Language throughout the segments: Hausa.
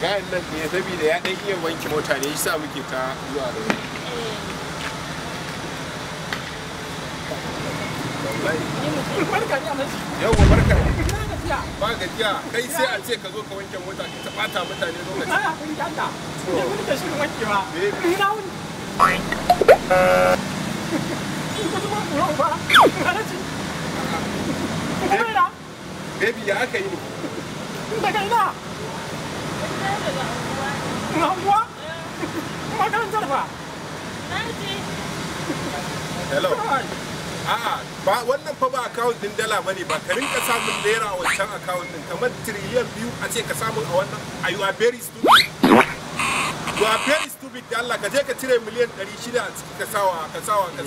gayan nan ne saboda ya dan iya wanke mota ne yasa muke ta zuwa da barka ba gajiya kai sai a ce ka zo ka wanke mota ka ta mutane Baby ya aka yi ne? Daga ina? a'a ba wannan fa ba account din dala bane ba ka rinka samun naira a wancan account din kamar trillion biyu a ce ka samu a wannan are you are very stupid you are very stupid da ka je ka cire miliyan 600 a ciki ka sawa ka wannan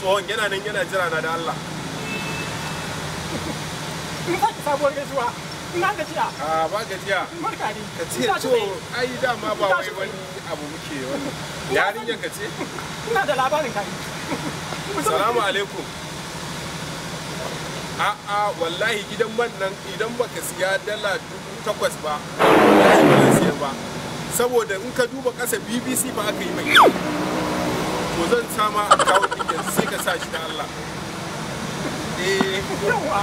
tsohon yana nan jira na da Ina A ba gajiya. Barka ne. Ka ce to ai dama ba wai wani abu muke wani. Yarinyar ka ce? Ina da labarin kai. Salamu alaikum. A'a wallahi gidan man nan idan ba ka siya dala dubu takwas ba, wallahi ba zan siya ba. Saboda in ka duba kasa BBC ba aka yi mai. To zan sama akawun ɗin yanzu sai ka sa shi da Allah. Eh. Yawwa.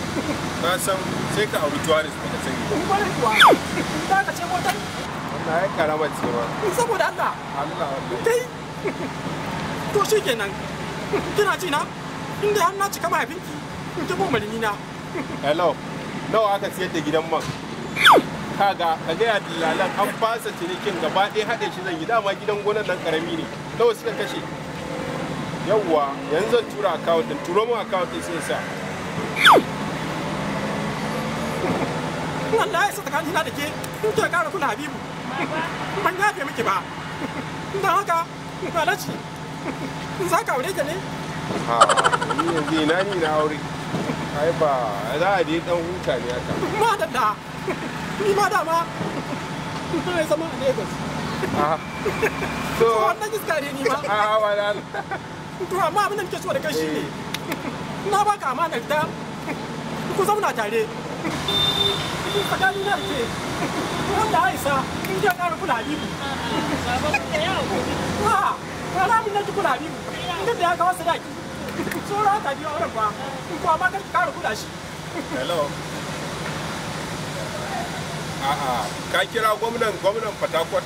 na san sai ka auri tuwaris ba ka sani ba. Ba kuwa. Za ka ce motar? Allah ya karama ce ba. Eh, saboda Allah. Allah wallahi. Dai. To shi kenan. Kina ji na? Inda har na cika mahaifinki. In ta bomar nina. Hello. Nawa aka siyar da gidan man? Kaga ka gaya dillalan an fasa cinikin gaba ɗaya haɗe shi zan yi dama gidan gonan nan ƙarami ne. Nawa suka kashe? Yawwa yanzu zan tura akawun ɗin turo min akawun ɗin sun sa. wallahi tsakanin na da ke in ke kara kula habibu ban yafe miki ba don haka alaci za ka aure ta ne ha ni na ni na aure ai ba za a dai dan huta ne haka ma da da ni ma dama na zama a Lagos so wannan iska ne ni ma a wala to amma abin da nake so da kai shine na baka amana da ku zauna tare ni tsakanin ce wanda na kula ta auren ba ma kar kula shi kira gwamnan gwamnan fatakwat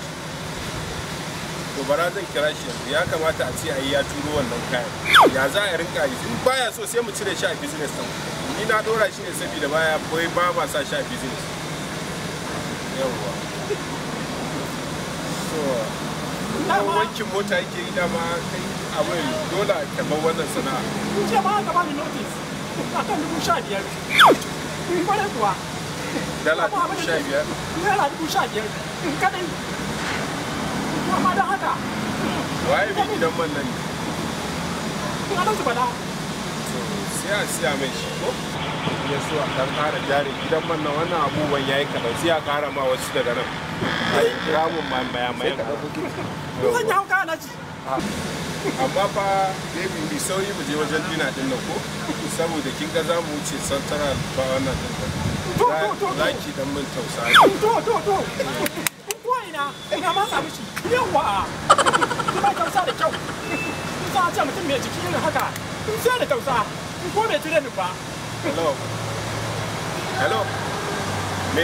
to zan kira shi yanzu ya kamata a ce a yi ya turo wannan kayan ya za a rinka yi in baya so sai mu cire shi a business ɗin ni na dora shi ne saboda baya bai ba ba sa sha business yawa so dama wanki mota yake yi dama kai abin dole ka bar wannan sana'a ku ce ba ka ba ni notice akan dubu sha biyar kun kwarai kuwa dala dubu sha biyar dala dubu sha biyar kadai amma don haka waye bi gidan man nan ne? Kun adon su bala. sai a siya mai shi ko ya so a dan kara jari gidan man nan wannan abubuwan yayi kadan sai a kara ma wasu daga nan a yi kiramun ma mai mai ka zan yau ka na ah, amma fa baby bi sauyi mu je wajen dina din nan ko saboda kin ga za mu wuce central ba wannan din to to dan mun tausa to to to ina ina ma samu shi yawa kuma tausa da kyau kun ce mutum mai jiki irin haka kun sai da tausa ko mai ture ni fa hello hello me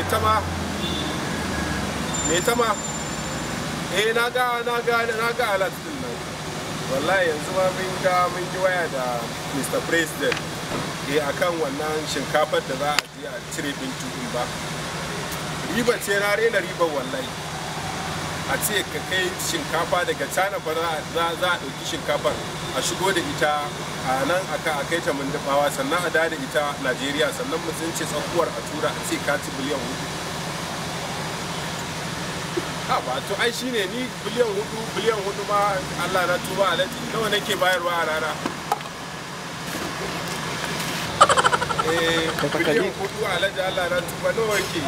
eh na ga na ga na din nan wallahi yanzu ma mun ga mun ji waya da Mr President eh akan wannan shinkafar da za je a cire bin tukun ba riba ce na rena riba wallahi a ce ka kai shinkafa daga cana ba za a ɗauki shinkafar a shigo da ita a nan aka a kai ta mundubawa sannan a da ita najeriya sannan mu tsince tsakuwar a tura a ce kati biliyan hudu a ba to ai shine ni biliyan hudu biliyan hudu ma allah na tuba lati nawa nake bayarwa a rana eh, biliyan hudu alaji allah na tuba nawa ke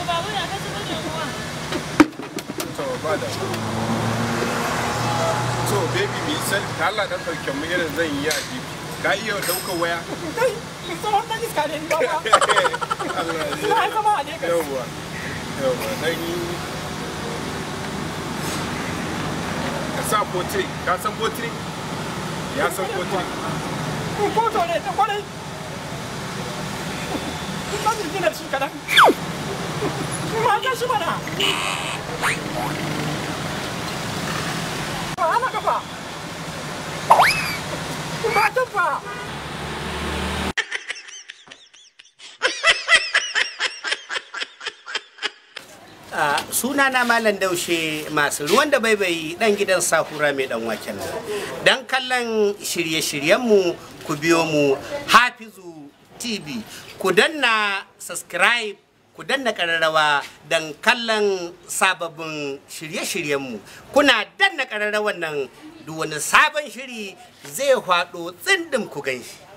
ba da so baby me self ta Allah dan dauke mu irin zan yi a jibi ka iya daukar waya kai tsohon dan iska ne ba Allah ne na kama ne ka yawa yawa dan yi ka sa potri ka san potri ya san potri ko ko to ne ta kwarai ba ni gina shi kadan ma ka shi mana Ah, suna na malam daushe masu ruwan da ɗan dan gidan sakura mai dan waken dan kallon shirye-shiryenmu ku biyo mu hafizu tv ku danna subscribe ku danna kararrawa dan kallon sababbin shirye-shiryenmu kuna danna ƙararrawar nan duk wani sabon shiri zai faɗo tsindin ku gan shi